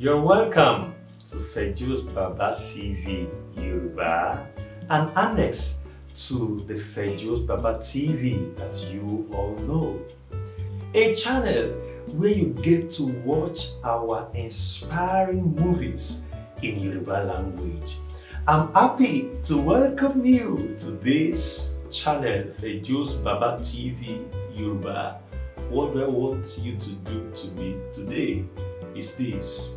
You're welcome to Fejus Baba TV Yoruba, an annex to the Fejus Baba TV that you all know. A channel where you get to watch our inspiring movies in Yoruba language. I'm happy to welcome you to this channel, Fejus Baba TV Yoruba. What do I want you to do to me today is this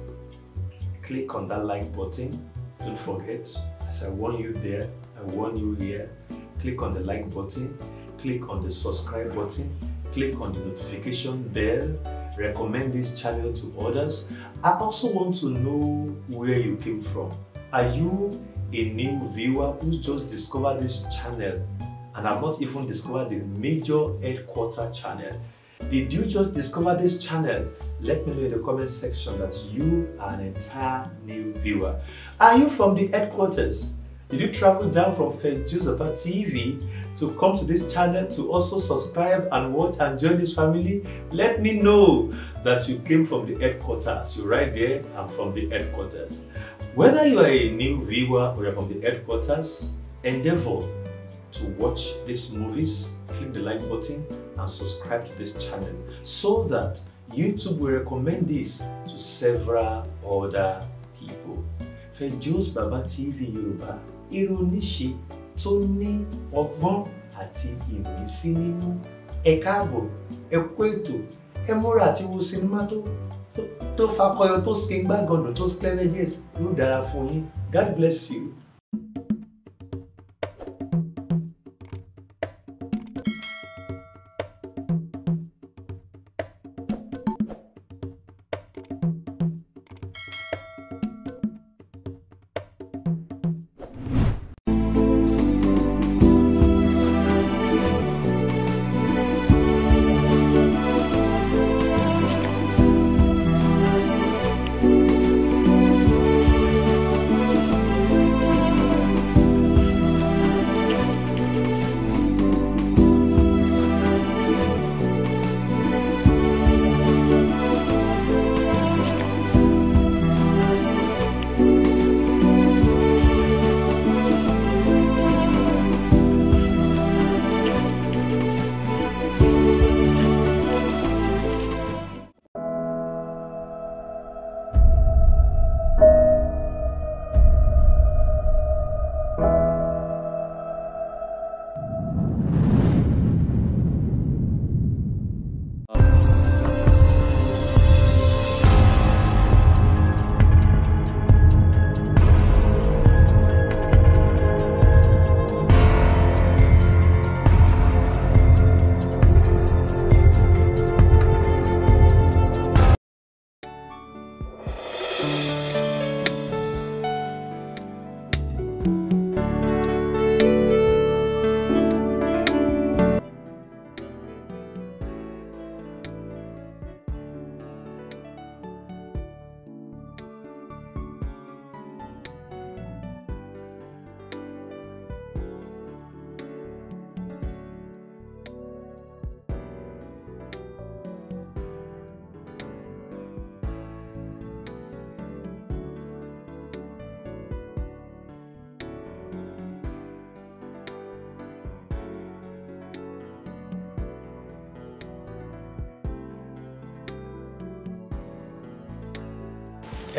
click on that like button. Don't forget, as I warn you there, I warn you here, click on the like button, click on the subscribe button, click on the notification bell, recommend this channel to others. I also want to know where you came from. Are you a new viewer who just discovered this channel and have not even discovered the major headquarter channel? Did you just discover this channel? Let me know in the comment section that you are an entire new viewer. Are you from the headquarters? Did you travel down from Fejuzapa TV to come to this channel to also subscribe and watch and join this family? Let me know that you came from the headquarters. You're right there, I'm from the headquarters. Whether you are a new viewer or you're from the headquarters, endeavor to watch these movies, click the like button, and subscribe to this channel so that YouTube will recommend this to several other people. Fejosbaba Baba TV Yorùbá ìròyìn ṣe tó ní ọgbọ́n àti ìròyìn sí nínú ẹ káàbọ̀ ẹ kú ètò ẹ múra àti wo sinimá tó tó fakọyọ tó ṣe gbàgànà tó ṣe clever yes yóò dára God bless you.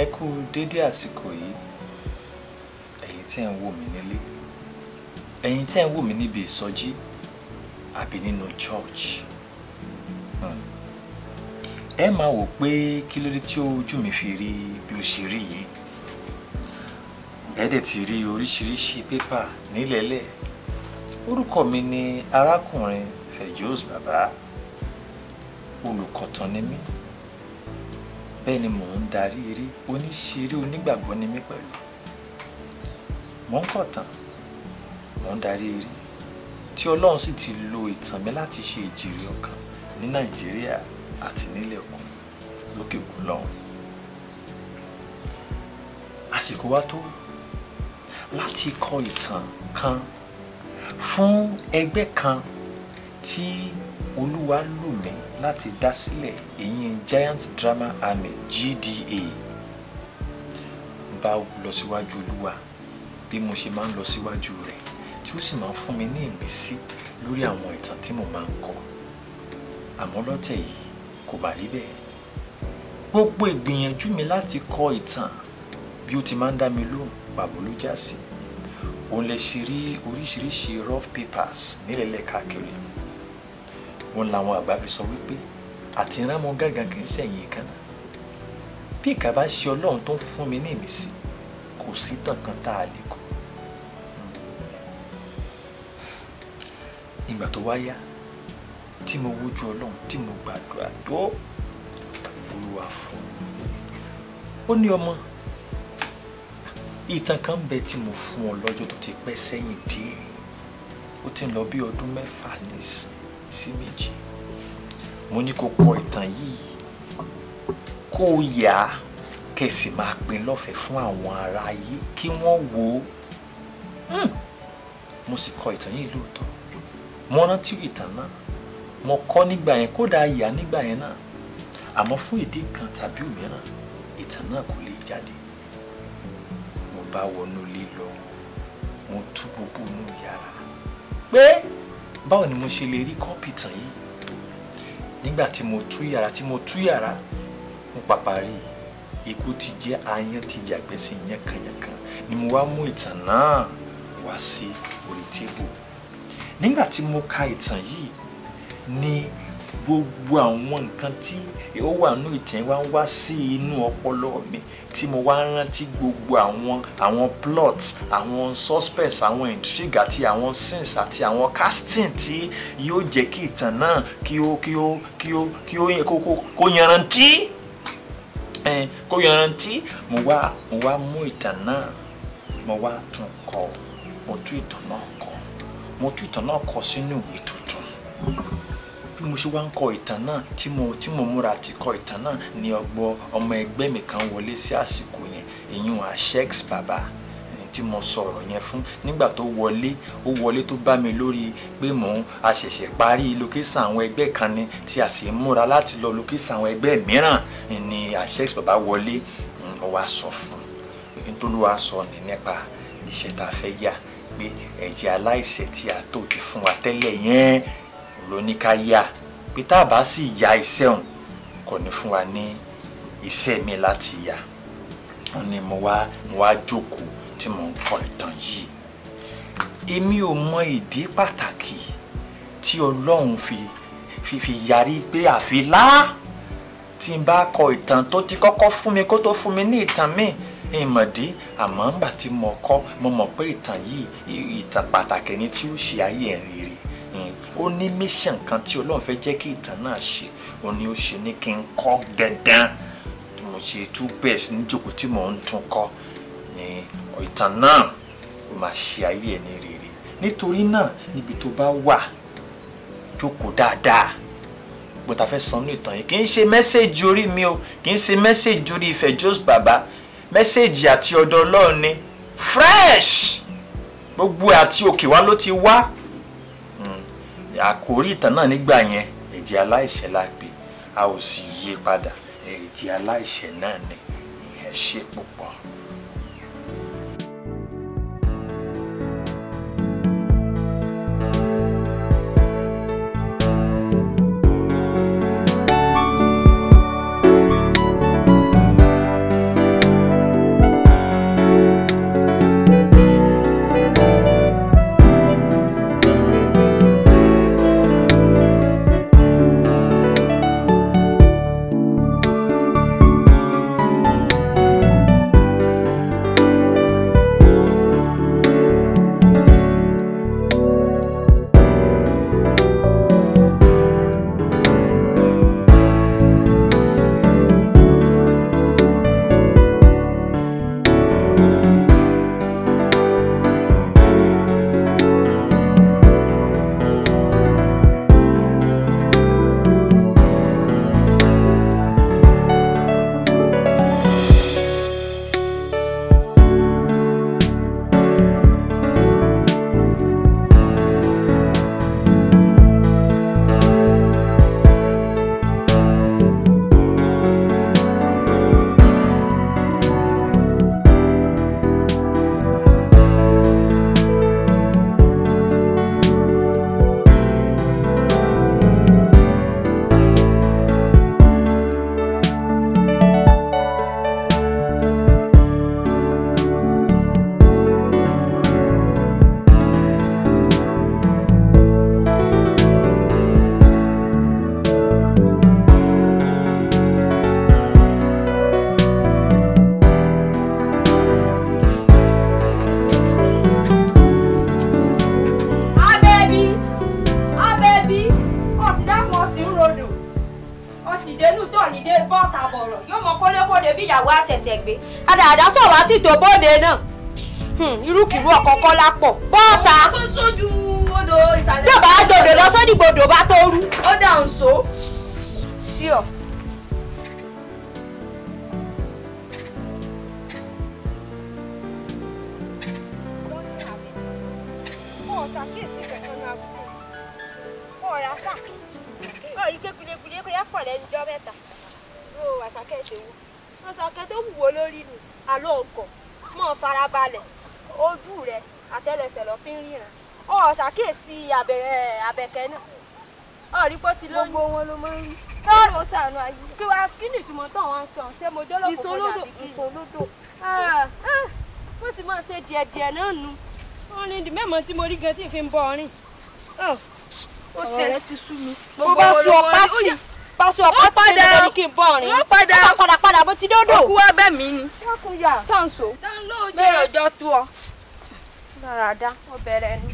ẹ kú dédé àsìkò yìí ẹ̀yin tí ẹ̀ ń wò mí nílé ẹ̀yin tí ẹ̀ ń wò mí níbi ìsọjí àbí nínú church hmm. ẹ máa wò pé kí ló dé tí ojú mi fi rí bí ó ṣe rí yìí ẹ dẹ̀ ti rí oríṣiríṣi pépà nílẹ̀ẹ́lẹ̀ orúkọ mi ni arákùnrin Fejosbaba olùkọ̀tàn ni mí bẹ́ẹ̀ ni mò ń darí eré oníṣeré onígbàgbọ́ ni mí pẹ̀lú mò ń kọ̀tàn mò ń darí eré tí ọlọ́run sì ti lo ìtàn mi láti ṣe ìjìrì ọkàn ní nàìjíríà àti nílẹ̀ òkun lókè òkun lọ́hùn àsìkò wa tó láti kọ ìtàn kan fún ẹgbẹ́ kan tí. Ti olúwa lù mí láti dá sílẹ̀ ìyìn giant drama army gda bá lọ síwájú olúwa bí mo ṣe máa ń lọ síwájú rẹ̀ tí ó sì máa ń fún mi ní ìmísí lórí àwọn ìtàn tí mo máa ń kọ àmọ́ lọ́tẹ̀ yìí kò bá rí bẹ́ẹ̀ gbogbo ìgbìyànjú mi láti kọ ìtàn bí ó ti máa ń dá mi lóhùn pàbó ló já sí òun lè ṣe rí oríṣiríṣi rough papers nílẹ̀ lẹ́ka kiri wọn làwọn àgbà fi sọ wípé àtìrámọ gàgà kì í ṣẹ̀yìn ìkànnà bí ìkà bá ṣe ọlọ́run tó ń fún mi ní ìmísí kò sí tàn kan tá a lè kọ. ìgbà tó wá yá tí mo wojú ọlọ́run tí mo gbàdúrà tó olúwa fún ó ní ọmọ ìtàn kan bẹ tí mo fún ọ lọ́jọ́ tó ti pẹ́ sẹ́yìn díẹ̀ ó ti lọ bí ọdún mẹ́fà nísìnyí sí méjì mo ní kó kọ ìtàn yìí kó o yà á kẹsì máa pín lọ́fẹ̀ẹ́ fún àwọn ará ayé kí wọ́n wò ó hmm. mo sì kọ ìtàn yìí lóòótọ́ mo rántí ìtàn náà mo kọ́ nígbà yẹn kódà yà nígbà yẹn náà àmọ́ fún ìdí kan tàbí òmíràn ìtàn náà kò lè jáde mo bá wọnú ilé lọ mo tú gbogbo inú yàrá pé báwo ni mo ṣe lè rí kọ́ọ̀pì tàn yìí nígbà tí mo tú yàrá tí mo tú yàrá mo pàpà rí ikú ti jẹ́ aáyán ti yàgbẹ́ sí yánkanyànkan ni mo wá mú ìtàn náà wá sí orí tébù nígbà tí mo ka ìtàn yìí ni gbogbo àwọn nǹkan tí ó wà nínú ìtàn wa ń wá sí inú ọpọlọ mi tí mo wá rántí gbogbo àwọn àwọn plot àwọn suspense àwọn intrigue àti àwọn scenes àti àwọn casting tí yóò jẹ́ kí ìtàn náà kí ó kí ó kí ó kí ó yẹ kó yanrantí kó yanrantí mo wá mo wá mú ìtàn náà mo wá tún kọ mo tún ìtàn náà kọ mo tún ìtàn náà kọ sínú ìwé tuntun bí mo ṣe wá ń kọ ìtàn náà tí mo tí mo múra ti kọ ìtàn náà ni ọgbọ ọmọ ẹgbẹ́ mi kan wọlé sí àsìkò yẹn èyí wọn àṣex bàbá tí mo sọ̀rọ̀ yẹn fún nígbà tó wọlé ó wọlé tó bá mi lórí pé mò ń àṣẹ̀ṣẹ̀ parí lókèsàn àwọn ẹgbẹ́ kan ni tí a sì ń múra láti lọ lókèsàn àwọn ẹgbẹ́ mìíràn ni àṣex bàbá wọlé ó wá sọ fún un tó ló wá sọ ní nípa iṣẹ́ fẹ́ yà pé ẹ̀jẹ̀ aláìṣẹ̀ tí a tó ti fún wa tẹ́lẹ̀ yẹn ló ní ká yá pé tá a bá sì ya iṣẹ́ òun kò ní fún wa ní iṣẹ́ mi láti yá wọn ni mo wá mo wá jókòó tí mo ń kọ ìtàn yìí èmi ò mọ ìdí pàtàkì tí ọlọ́run fi fi fi yarí pé àfi lá tí n bá kọ ìtàn tó ti kọ́kọ́ fún mi kó tó fún mi ní ìtàn míì ìmọ̀dí àmọ́ ńgbà tí mo kọ́ mo mọ̀ pé ìtàn yìí ìtàn pàtàkì ni tí ó ṣe ayé ẹ̀ rere ó ní mission kan tí ọlọ́run fẹ́ jẹ́ kí ìtàn náà ṣe òun ni ó ṣe ní kí n kọ́ gẹ̀dán mo ṣe two best níjókòó tí mò ń tún kọ́ ní ìtàn náà ó máa ṣe ayé ẹ̀ ní rere nítorí náà níbi tó bá wà jókòó dáadáa bó ta fẹ́ san ní ìtàn yìí kì í ṣe mẹ́sẹ̀gì orí mi o kì í ṣe mẹ́sẹ̀gì orí ìfẹ́ Jose bàbá mẹ́sẹ̀gì àti ọ̀dọ̀ ọlọ́run fresh gbogbo àti òkè wa ló ti wá àkórí ìtàn náà nígbà yẹn ẹ̀jẹ̀ aláìṣẹ̀ la pè a ò sì yí padà ẹ̀jẹ̀ aláìṣẹ̀ náà ni ìyẹn ṣe púpọ̀. sì tó bóde náà hmm, irúkìrú ọ̀kọ̀ọ̀kọ̀ lápọ̀ bọ́ọ̀ta bí ọba àjọdò lọ sódìgbòdò bá tó rú. ó dà ń so. Sure. gbogbo wọn ló máa ń kí ló sànù ayé. kí wàá kí ni ìtumọ̀ tán wọn sàn ṣé mo jọ́ lọ́kọ̀ọ́ ìsọlódò ìsọlódò. wọ́n ah, ah, ti máa ṣe díẹ̀díẹ̀ náà nu wọ́n ní mẹ́mọ̀ tí mo rí gan tí fi ń bọ̀ ọrin. Oh, ó ṣe rẹ ti sú mi. mo bá sọ pátì pàṣọ pátì ní ìdọ́ni kí n bọ̀ ọrin. wọ́n padà wọ́n padà padà bó ti dọ́dọ̀. ó kú ẹbẹ̀ mi ni. wọ́n kú yà. tọ́ǹso. mẹ́rẹ̀ ọjọ́ tó ọ. dáradá ó bẹ̀rẹ̀ ẹnu.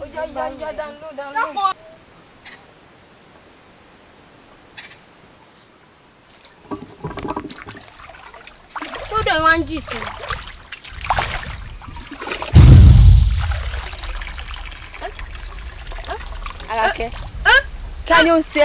ó yá yá yá dánló dánló. tó dọ̀ wá ń jì sí i. Àràkẹ́ ah, kí á ní ó ń ṣe.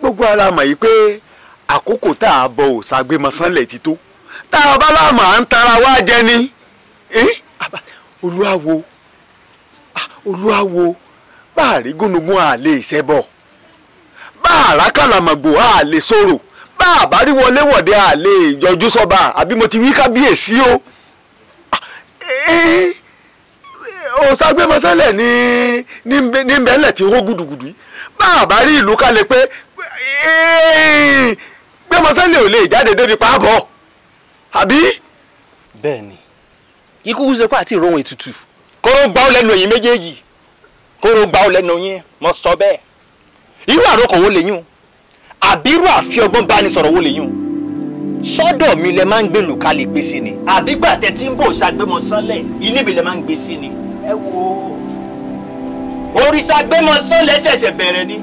gbogbo ara mọ̀ yìí pé àkókò tá a bọ òṣàgbémọ̀sánlẹ̀ ti tó tá a bá ń tara wá jẹ ni olúwawo olúwawo bá a rí gúnugún à lè ṣẹbọ bá a rá kàlàmọ̀gbò à lè sọ̀rọ̀ bá a bá rí wọlé wọ̀de à lè yọjú sọ́ba àbí mo ti wí kábíyèsí o òṣàgbémọ̀sánlẹ̀ ní ní bẹ́ẹ̀lẹ̀ tí ó hó yìí bá a bá rí ìlú ká lè pé gbẹmọ sẹ́lẹ̀ ò lè jáde débi pàábọ̀ àbí. bẹ́ẹ̀ni ikú ṣe pé àti ìròhùn ètùtù kóró gbá ọ lẹ́nu ẹ̀yin méjèèjì kóró gbá ọ lẹ́nu yín mo sọ bẹ́ẹ̀ irú àròkàn wo lèyún àbí irú àfi ọgbọ́n bá ní sọ̀rọ̀ wo lèyún sọ́dọ̀ mi lẹ máa ń gbé lù ká lè gbé sí ni àbí gbàtẹ́ tí ń bò ṣàgbémọ ilé mi lẹ máa ń gbé ni ẹ wo òrìṣà gbẹmọsán lẹ́sẹ̀ẹ̀sẹ̀ bẹ̀rẹ̀ ni.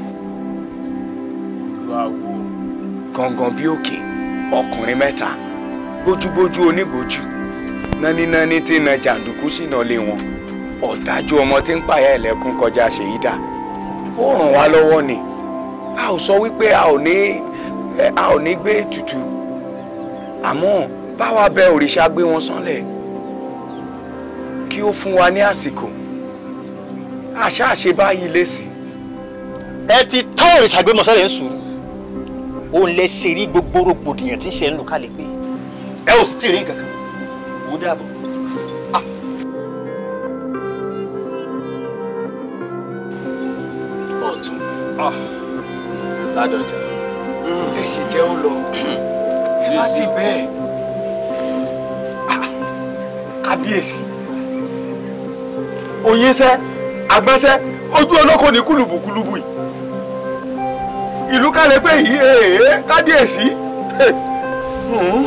olùwàwò gangan bí òkè ọkùnrin mẹ́ta bójúbójú oníbòjú nánínáni tí ń na jàǹdùkú sínú ilé wọn ọ̀dájú ọmọ tí ń pààyà ẹlẹ́kùn kọjá ṣèyí dà ó ràn wá lọ́wọ́ ni a ò sọ wípé a ò ní a ò ní gbé ètùtù àmọ́ báwa bẹ òrìṣà gbé wọn sánlẹ̀ kí ó fún wa ní àsìkò àṣà àṣebáyé lẹ́sìn. ẹ ti tọ́ òrìṣà gbémọ̀sọ́lẹ̀ ń sùn òun lẹ ṣe rí gbogbo rògbòdìyàn tí ń ṣe ń lù kálẹ̀ pé ẹ ò sì tì rí nǹkan kan ó dàbọ̀. Ah. ọ̀tún ah. ládọjà hmm. ẹ ṣe jẹ́ ó lọ hmm. ẹ bá ti bẹ́ẹ̀ ah. kábíyèsí òye sẹ́ẹ́ àgbọ̀nsẹ̀ ojú olóko ní kùlùbùkùlùbù yìí ìlú kálẹ̀ pé yìí kábíyèsí hmm.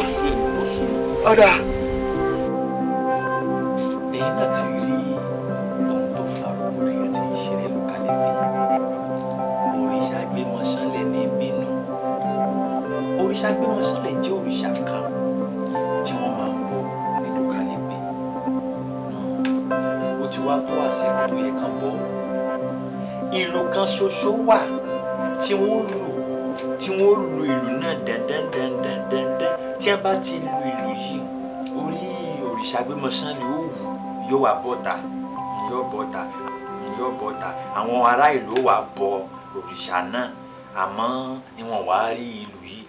ọ̀dà. tó wà tí wọ́n lò tí wọ́n lu ìlú náà dandandandandandan tí wọ́n bá ti lu ìlú yìí orí òrìṣàgbémọ̀sán ni ó wù yóò wá bọ́ta yóò bọ́ta yóò bọ́ta àwọn ará ìlú wà bọ òrìṣà náà àmọ́ ìwọ̀n wá rí ìlú yìí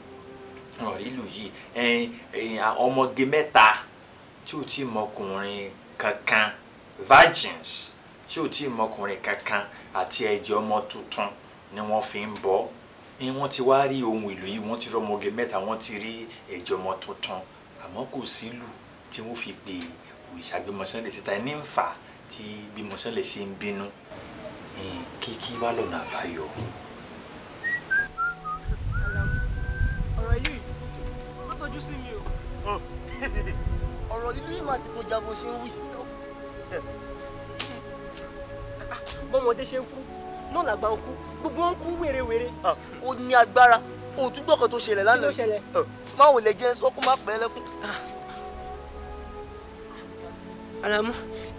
wọ́n rí ìlú yìí ọmọge mẹ́ta tí ò tí mọkùnrin kankan virgins ṣé ò tí ì mọkùnrin kankan àti ẹ̀jẹ̀ ọmọ tuntun ni wọ́n fi ń bọ́ ni wọ́n ti wá rí ohun èlò yìí wọ́n ti rọ́mọge mẹ́ta wọ́n ti rí ẹ̀jẹ̀ ọmọ tuntun àmọ́ kò sílù tí wọ́n fi pè òrìṣà Gbémọṣánlẹ̀ síta ní ń fà tí Gbémọṣánlẹ̀ ṣe ń bínú kíkí wá lọ́nà àbáyọ. ọ̀rọ̀ yìí ló tọ́jú sí mi o. ọ̀rọ̀ ìlú yìí máa ti kọjá bó ṣe ń wí bọ́mọdé ṣe ń kú náà làgbà ń kú gbogbo wọn ń kú wèrèwèrè. ó ní agbára òtún gbọ́kàn tó ṣẹlẹ̀ lánàá máa wò lè jẹ́ sọ́kún má pẹ́ lẹ́kún. Àlàmú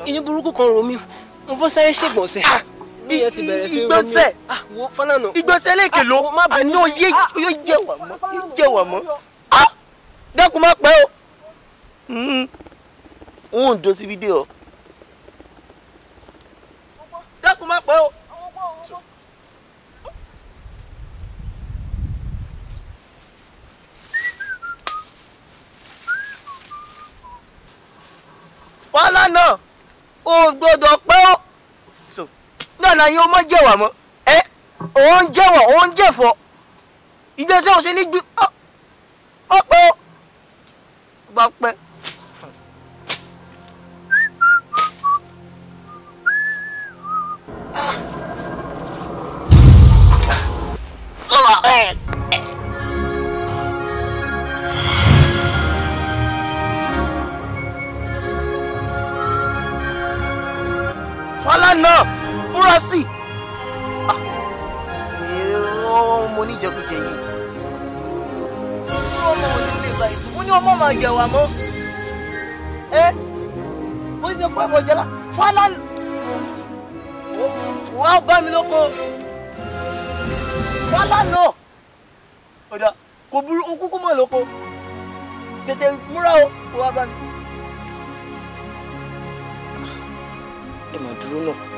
inú burúkú kan rò mí mo fọ́ sáré ṣègbọ̀nsẹ̀ níyẹn ti bẹ̀rẹ̀ sí romi wo fọlànà ìgbọ̀nsẹ̀ lẹ́ẹ̀kẹ́ ló àná yé jẹ̀wà mọ́ jẹ̀wà mọ́ dẹ́kun má pẹ́ o hmm. n ò dó síbi o dákun má pẹ́ o. wàhálà náà ò gbọdọ̀ pẹ́ ọ́ náà náà yóò mọ jẹ̀wà mọ́ ẹ òun jẹ̀wọ̀ òun jẹ̀fọ́ ìgbésẹ̀ òsín ní gbí ọ̀pẹ́ ọ́ gbọ́pẹ́. mo wà bẹ́ẹ̀. fọlá náà múra sí i. Ah. mo ní jẹkújẹ yìí. ọmọ òní lè gbà yìí mo ní ọmọ máa jẹ wà ẹ bó ṣe kó ẹ̀fọ́ jẹ lá fọlá wọ́n á bá mi lóko bọ́lá náà ọ̀dà kò burú kúkú mọ̀ lóko tètè múra o kò wá bá mi. ìmọ̀ dúró náà.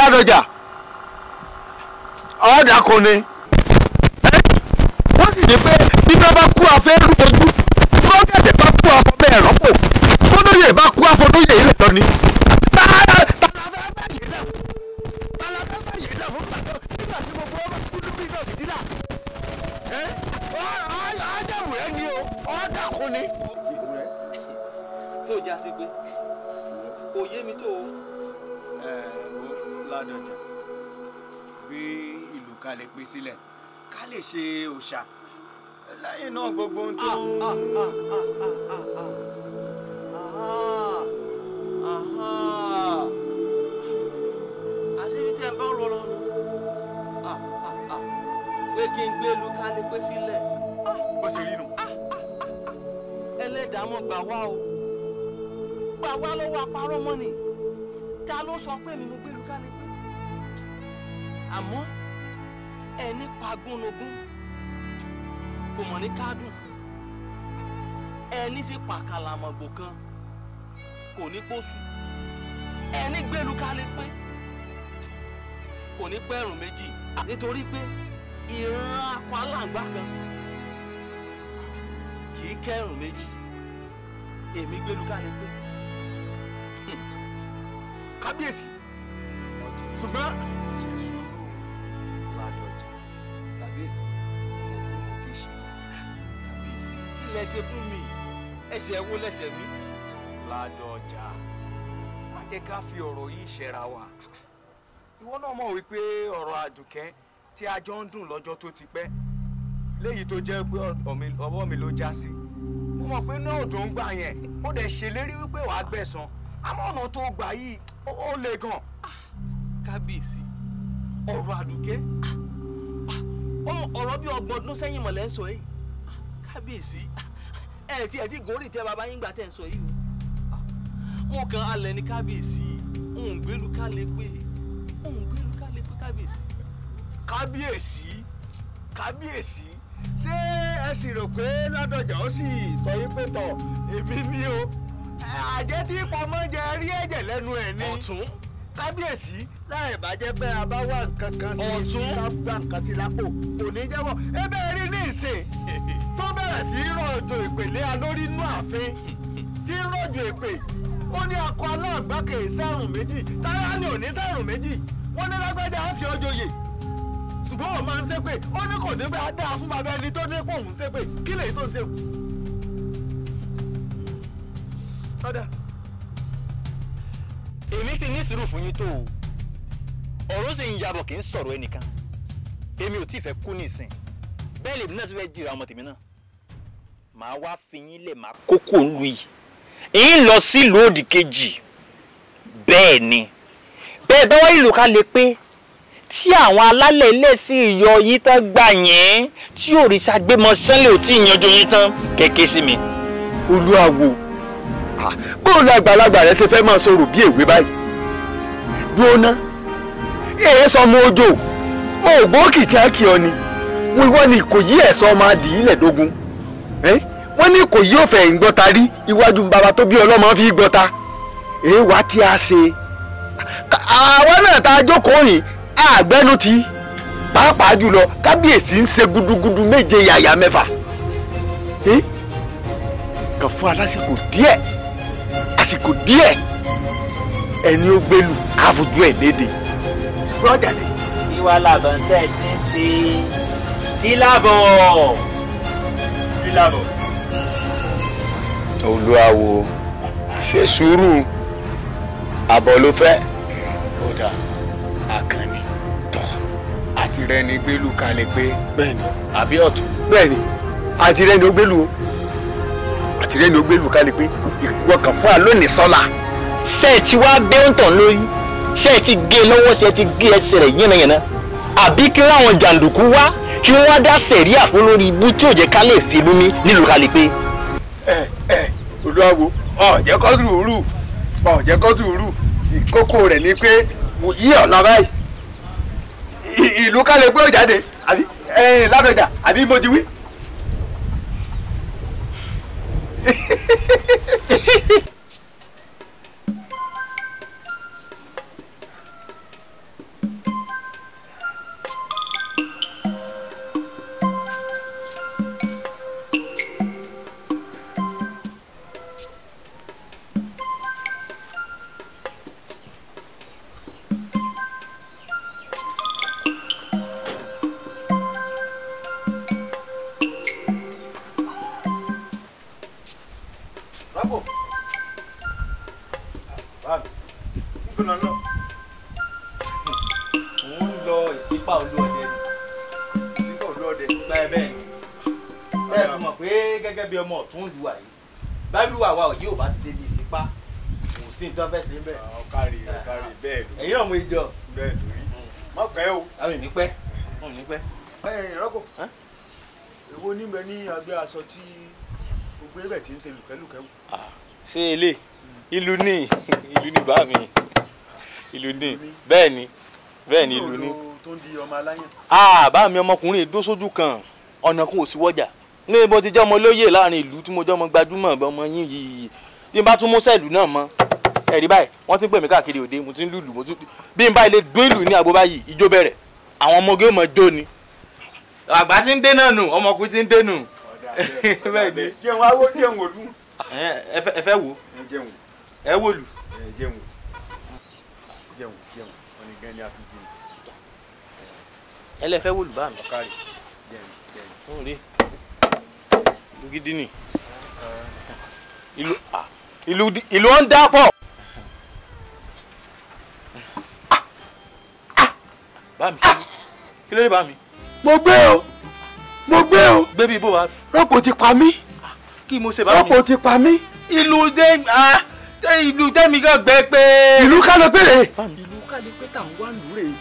ládọjà ọ̀dà kò ní. wọ́n sì ní pé bíbá bá kú afẹ́rú ojú bọ́gẹ̀dẹ̀ bá kú afọ bẹ́ẹ̀ rọ́pò kódóyè bá kú afọ lóyè ilẹ̀ tán ni. ká lè gbé sílẹ̀ ká lè ṣe òòṣà lẹ́yìn náà gbogbo ohun tó ń. àṣírí tẹ́ ẹ bá ń lọ lọ ah, ah, ah. pé kí n gbé lu ká lè gbé sílẹ̀. bó ṣe rí nù. ẹlẹ́dàá mọ̀ gbà wá o gbà wá lọ́wọ́ apárọ́mọ́ni ta ló sọ pé mi mo gbé lu ká lè gbé. àmọ́ ẹni pagúnlógún kò mọ̀ ní kádùn ẹni sì pàkàlàmọ̀gbò kan kò ní pósù ẹni gbẹ́lu kálẹ̀ pé kò ní pẹ́rùn méjì nítorí pé ìran apalàǹgbá kan kì í kẹ́rùn méjì èmi gbẹ́lu kálẹ̀ pé kábíyèsí ṣùgbọ́n. lẹ ṣe fún mi ẹ̀ṣẹ̀ wo lẹ̀ṣẹ̀ mi. lájọ ọjà má jẹ́ ká fi ọ̀rọ̀ yìí ṣẹra wa ìwọ náà mọ̀ wípé ọ̀rọ̀ àdùkẹ́ tí a jọ ń dùn lọ́jọ́ tó ti pẹ́ léyìí tó jẹ́ pé ọwọ́ mi ló já sí mo mọ̀ pé náà òdò ń gbà yẹn ó dẹ̀ ṣèlérí wípé wàá gbẹ̀san àmọ́ ọ̀nà tó gbà yìí ó le gan. kábíyèsí ọ̀rọ̀ àdùkẹ́ ọ̀rọ̀ bí ọgbọ̀n ọdún sẹ́yìn ń sọ yìí kábíyèsí ẹ ti ẹ ti gòrí tẹ bàbá yín gbà tẹ ń sọ yìí o ah, wọn kan alẹ ní kábíyèsí òun gbélu ká lè pé òun gbélu ká lè pé kábíyèsí. kábíyèsí kábíyèsí ṣé ẹ sì rò pé ládọjà ó sì sọ yín pé tọ èmi ni o àjẹ tí pọmọjẹ rí ẹ̀jẹ̀ lẹ́nu ẹ̀ ni ọ̀tún kábíyèsí láì bàjẹ́ pé a bá wá nǹkan kan sí i ká gbà nǹkan sí i lápò kò ní jẹ́wọ́ ẹ bẹ́ẹ̀ rí ní ìsìn. tó bẹ̀rẹ̀ sí rọ̀jò ìpèlé alórí ààfin tí rọ̀jò èpè ó ní akọ aláàgbá sẹ́rùn méjì táyà ni ò ní sẹ́rùn méjì wọ́n ní lágbájá á fi ọjọ́ yè ṣùgbọ́n ò máa ń ṣépè ó ní kò ní dáa fún bàbá ẹni tó ní pò ṣépè kí lèyí tó ń ṣe. èmi ti ní sùúrù fún yín tó o ọ̀rọ̀ sì ń yabọ̀ kì í sọ̀rọ̀ ẹnìkan èmi ò tí ì fẹ́ kú nísìn bẹ́ẹ̀ lèmi náà sì fẹ́ jìrà ọmọ tèmi náà màá wá fi yín lẹ̀ máa kókó lu yìí ń lọ sílùú òdì kejì bẹ́ẹ̀ ni bẹ́ẹ̀ bá wáyé ló ká lè pé tí àwọn alálẹ̀ ẹlẹ́sìn ìyọ yìí tán gbà yẹn tí òrìṣà gbémọ sẹ́lẹ̀ ò tí ì yanjú yín tán kẹ̀kẹ́ sí mi. olúwawo bóun ni àgbàlagbà rẹ ṣe fẹ́ máa sọ̀rọ̀ bí èwe báyìí gbóná èyí sọmọ ojo ògbókìtì àkìọ ni wíwọ́ ni kò yí ẹ̀sọ́ máa dì í lẹ̀dógún. Eh? wọ́n ní kò yí òfẹ́ ìgbọ́ta rí iwájú bàbá tó bí ọlọ́mọ fi gbọ́ta èèwà tí a ṣe àwa náà tá a jókòó yìí àgbẹ́nu ti pàápàá jùlọ kábíyèsí ń ṣe gudugudu méje yàyà mẹ́fà kàn fún alásìkò díẹ̀ àsìkò díẹ̀ ẹni ó gbélu káfojú ẹ̀ léde. ìgbọ́jà ni. ìwà làbọ̀ ń tẹ̀ ẹ́ ti ń ṣe é. ìlàbọ̀ ìlànà. olúwawo ṣe sùúrù àbọ̀ ló fẹ́. ó dáa akànnì tọ́ àti rẹ ni gbélú kalẹ̀ pé. bẹ́ẹ̀ni àbí ọ̀tún. bẹ́ẹ̀ni àti rẹ ni ó gbélú o àti rẹ ni ó gbélú kalẹ̀ pé ìwọ kàn fún àlónì sọ́la. ṣé ẹ ti wá bẹ́ńtàn lórí ṣé ẹ ti gé e lọ́wọ́ ṣé ẹ ti gé ẹsẹ̀ rẹ̀ yánnayànna àbí kí láwọn jàǹdùkú wá kí wọ́n dá sẹ̀ríà fún lórí ibú tí ò jẹ́ ká lè fi lú mi nílùú ká lè pé. ẹ ẹ olúwawo ọ̀jẹ̀ kọ́ sùúrù ọ̀jẹ̀ kọ́ sùúrù ìkókó rẹ̀ ni pé wòyí ọ̀la báyìí ìlú ká lè pé òjáde àbí ẹ̀yìn ládọjà àbí mo ti wí. ṣe ele ìlú ní ìlú ní bá mi ìlú ní bẹ́ẹ̀ ni bẹ́ẹ̀ ni ìlú ní. tó ń di ọmọ mi ọmọkùnrin èdó sójú kan ọ̀nà kò sí wọ́jà ní bó ti jẹ́ ọmọ olóyè láàrin ìlú tí mo jẹ́ ọmọ gbajúmọ̀ ọmọ yín yìí bí n bá tún mú sẹ́ẹ̀lù náà mọ́ ẹ̀rí báyìí wọ́n ti ń pè mí káàkiri òde mo ti ń lùlù mo ti bí n báyìí lè dún ìlú ní àgbo báyìí ìjó bẹ̀rẹ̀ àwọn ọmọge mọ̀ jó ni. àgbà ti ń dé náà nù ọmọkùnrin ti ń dé nù. ọ̀dà bẹ́ẹ̀ ni jẹun awo jẹun òdùn ẹ fẹ́ wo ẹ wò lù. jẹun jẹun jẹun ọ̀nì gan ni a fi jẹun. ẹ lẹ fẹ́ wò lù báàmì. ọ̀kárì jẹun jẹun. ìlú ń dá pọ̀. báàmì kí ló dé báàmì. mo gbé o mo gbé o. gbé ibo wa. rọ́pò ti pa mí kí mo ṣe bá mi. ọ̀pọ̀ ti pa mí. ìlú jẹ́ ìlú jẹ́ mi kan gbẹ pé. ìlú ká péré. ìlú ká pé tà ń wá nù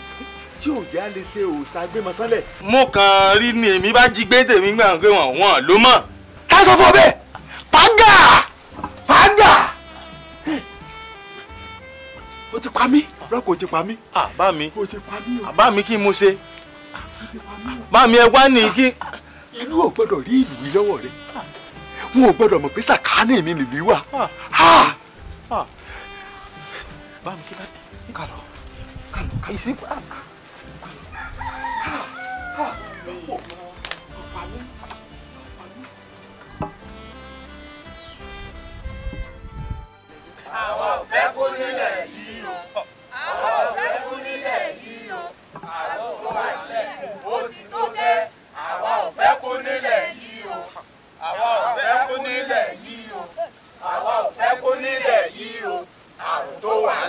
tí ò já lè ṣe òòṣà gbémọsánlẹ̀. mo kàn rí ni èmi bá jí gbé tèmi gbà pé wọn wọn ló mọ̀. ká sọ fún pàgà pàgà. o ti pa mí. lọ́kọ̀ ti pa mí. àbá mi àbá mi kí mo ṣe. bá mi ẹ wá ní kí. ìlú ò gbọ́dọ̀ rí ìlú yìí lọ́wọ́ rẹ̀ n ò gbọ́dọ̀ mọ̀ pé sàkáání mi lìlì wà. Ah. Ah. bá mi kí bá kàlọ kàlọ kàlọ. ìsìnkú àwọn ọ̀fẹ́ kú nílẹ̀ yìí o àwọn ọ̀fẹ́ kú nílẹ̀ yìí o àwọn ọ̀fẹ́ kú nílẹ̀ yìí o.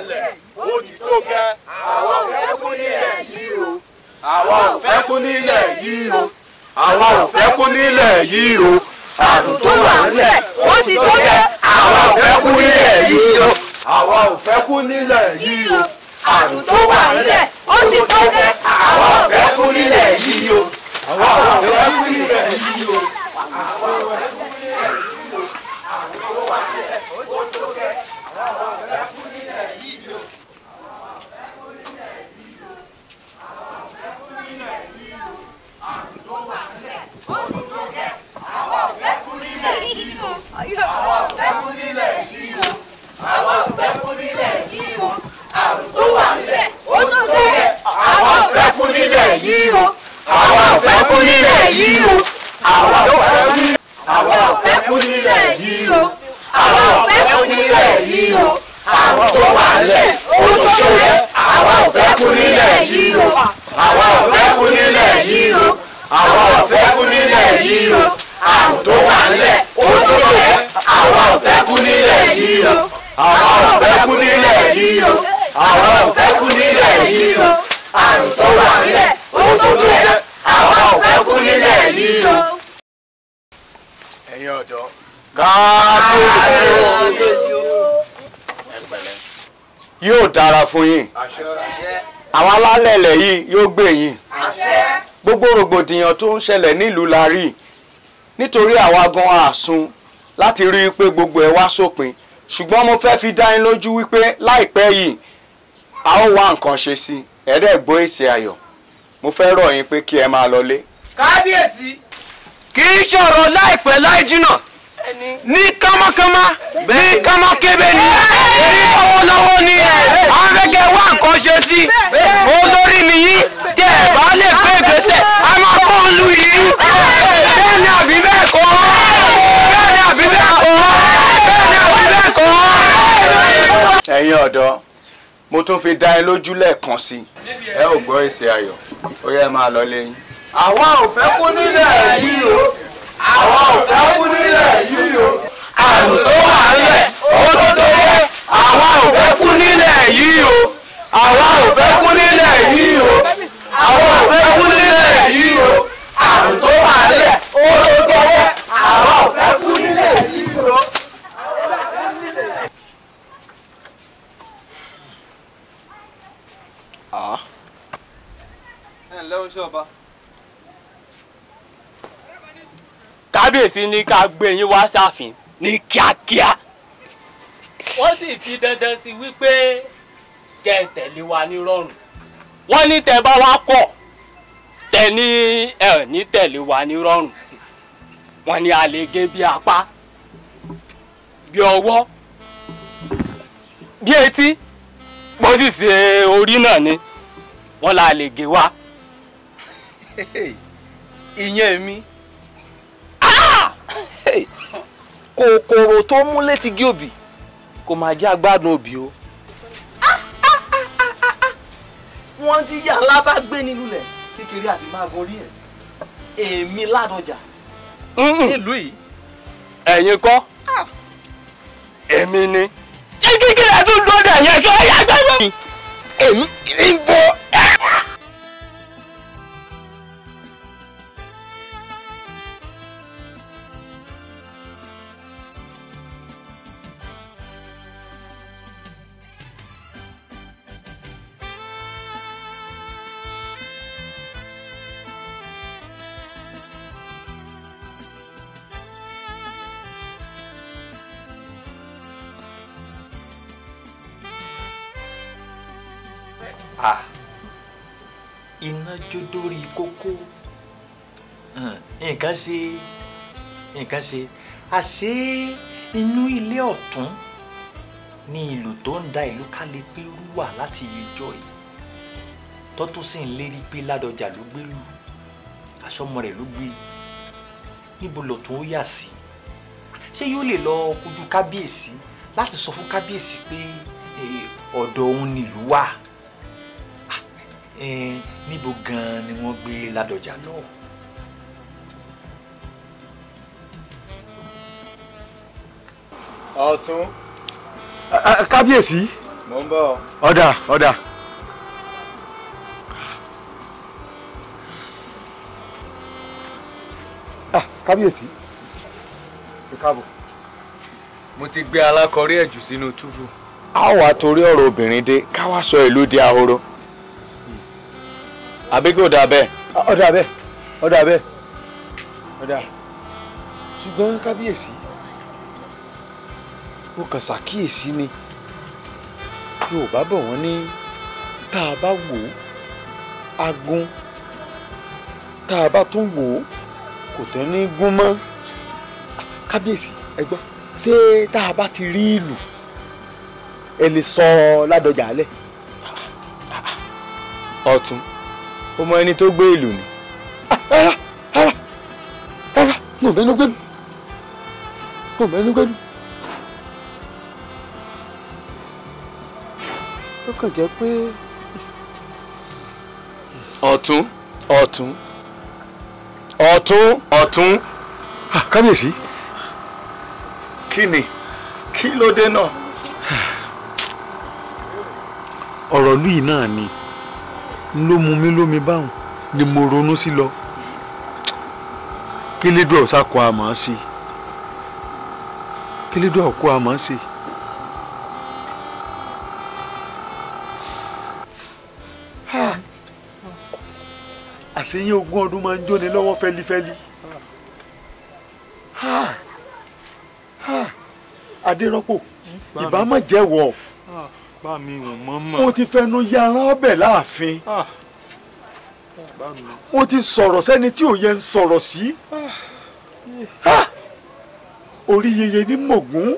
ńlẹ̀ ó ti tó gẹ́. àwa ò fẹ́ kú nílẹ̀ yìí o. àwa ò fẹ́ kú nílẹ̀ yìí o. àwa ò fẹ́ kú nílẹ̀ yìí o. àrùn tó wà ńlẹ̀ ó ti tó gẹ́. àwa ò fẹ́ yìí o. àwa ò fẹ́ kú nílẹ̀ yìí o. àrùn tó wà ńlẹ̀ ó ti tó gẹ́. àwa ò fẹ́ yìí o. àwa ò fẹ́ kú nílẹ̀ yìí o. àwa ò fẹ́ kú nílẹ̀ yìí o. nílẹ̀ yìí o àwa ò fẹ́ kú nílẹ̀ yìí o àwa ò fẹ́ kú àwa ò fẹ́ kú nílẹ̀ yìí o àwa ò fẹ́ kú nílẹ̀ yìí o àwọn tó wà lẹ̀ ó tó lẹ̀ àwa ò fẹ́ kú nílẹ̀ yìí o àwa ò fẹ́ kú nílẹ̀ yìí o àwa ò fẹ́ kú nílẹ̀ yìí o àwọn tó wà lẹ̀ ó tó lẹ̀ àwa ò fẹ́ kú nílẹ̀ yìí o àwa ò fẹ́ kú nílẹ̀ yìí o àwa ò fẹ́ kú nílẹ̀ yìí o àrùn tó wà nílẹ̀ ó tó gbé àwa ò fẹ́ kú nílẹ̀ yìí o. ẹ̀yin ọ̀dọ́ káàkiri yóò dára fún yín àwọn alálẹ̀ ilẹ̀ yìí yóò gbé yín gbogbo rògbòdìyàn tó ń ṣẹlẹ̀ nílùú la rí nítorí àwa gan àsun láti rí i pé gbogbo ẹ̀ wá sópin ṣùgbọ́n mo fẹ́ fi dá yín lójú wípé láìpẹ́ yìí a ó wá nǹkan ṣe sí i ẹ̀ẹ́dẹ̀ gbọ́ èsì ayọ̀ mo fẹ́ rọ̀ yín pé kí ẹ máa lọlé. kábíyèsí. kì í ṣọ̀rọ̀ láìpẹ́ láì jìnnà ní kánmọ́kánmọ́ ní kánmọ́kébé ni ní lọ́wọ́lọ́wọ́ ni àwọn gẹ́gẹ́ wá nǹkan ṣe sí olórí mi yín tẹ ẹ̀ bá ìgbésẹ̀ a máa kó lu yìí bẹ́ẹ̀ ni àbí bẹ́ẹ̀ kọ́ bẹ́ẹ̀ ni àbí bẹ́ẹ̀ kọ́ bẹ́ẹ̀ ni àbí bẹ́ẹ̀ kọ́. ẹ̀yin ọ̀dọ́ mo tún fi dá ẹ lójú lẹ́ẹ̀kan sí i ẹ ò gbọ́ èsì ayọ̀ ó yẹ máa lọ lẹ́yìn. àwa ò fẹ́ kú nílẹ̀ yìí o àwa ò fẹ́ kú nílẹ̀ yìí o àrùn tó wà nílẹ̀ ó tó tó yẹ àwa ò fẹ́ kú nílẹ̀ yìí o àwa ò fẹ́ kú nílẹ̀ yìí o àwa ò fẹ́ kú nílẹ̀ yìí o àrùn tó wà nílẹ̀ ó tó yẹ àwa ò fẹ́ kú nílẹ̀ yìí o. kábíyèsí ní ká gbé yín wá sáàfin ní kíákíá. wọ́n sì fi dandan sí wípé kẹ́ ẹ tẹ̀lé wa ní rọrùn. wọ́n ní tẹ́ bá wá kọ̀ tẹ ní ẹ ní tẹ̀lé wa ní rọrùn. wọ́n ní a lè gé bí apá bí ọwọ́ bí etí bó sì ṣe orí náà ni wọ́n la lè gé wa ìyẹn mi kòkòrò tó mú létí gí òbí kò máa jẹ́ agbádùn òbí o. wọ́n ti yà lábàgbé nílùú lẹ̀ kékeré àti máa gorí ẹ̀ èmi ládọjà nílùú yìí. ẹ̀yin kọ́ ah. èmi ni. kíkíkí rẹ̀ tún dọ́dọ̀ yẹn sọ yàgbẹ́ mi. èmi ń bọ́. nǹkan ṣe nǹkan ṣe àṣé inú ilé ọ̀tún ni ìlú tó ń da ìlú Kálépérú wà láti ìjọ yìí tọ́tún sì ń lérí pé Ládọjà ló gbé lù aṣọ́mọ rẹ̀ ló gbé níbo lọ̀tún ó yà sí ṣé yóò lè lọ kojú kábíyèsí láti sọ fún kábíyèsí pé ọ̀dọ̀ òun nílùú wà ah, níbo gan-an ni wọ́n gbé Ládọjà lọ́wọ́. ọ̀tún. kábíyèsí. mo ń bọ̀. ọ̀dà ọ̀dà. kábíyèsí ẹ káàbọ̀. mo ti gbé alákọ̀rí ẹ̀jù sínú túbú. a wà torí ọ̀rọ̀ obìnrin dé ká wá sọ ìlú di ahoro. Hmm. àbí kò dà bẹ́ẹ̀. ọ̀dà bẹ́ẹ̀ ọ̀dà bẹ́ẹ̀ ọ̀dà ṣùgbọ́n kábíyèsí mo kàn ṣàkíyèsí ni yorùbá bọ̀ wọ́n ní tá a bá wò ó agun tá a bá tún wò ó kò tán ní gún mọ́ kábíyèsí ẹ gbọ́ ṣé tá a bá ti rí ìlú ẹ lè sọ ládọjà alẹ́. ọ̀tún ó ẹni tó gbé ìlú ni. rárá rárá rárá mo mẹ́nu gbẹ́nu mo mẹ́nu gbẹ́nu. kàn jẹ́ pé. ọ̀tún ọ̀tún ọ̀tún ọ̀tún. Ah, kábíyèsí. kí ni kí ló dé náà. ọ̀rọ̀ lùyìí náà ni ló mú mi lómi báwọn ni mo ronú sí lọ kílídùú ọ̀sà kọ́ àmọ́ sí kílídùú ọ̀kọ́ àmọ́ sí. ṣèyí ogún ọdún máa ń jóni lọ́wọ́ fẹ́lifẹ́li adérọ́pò ìbámu jẹ́wọ́ o ti fẹnu yàrá ọbẹ̀ láàfin o ti sọ̀rọ̀ sẹ́ni tí ò yẹ ń sọ̀rọ̀ sí orí yeye ní mògún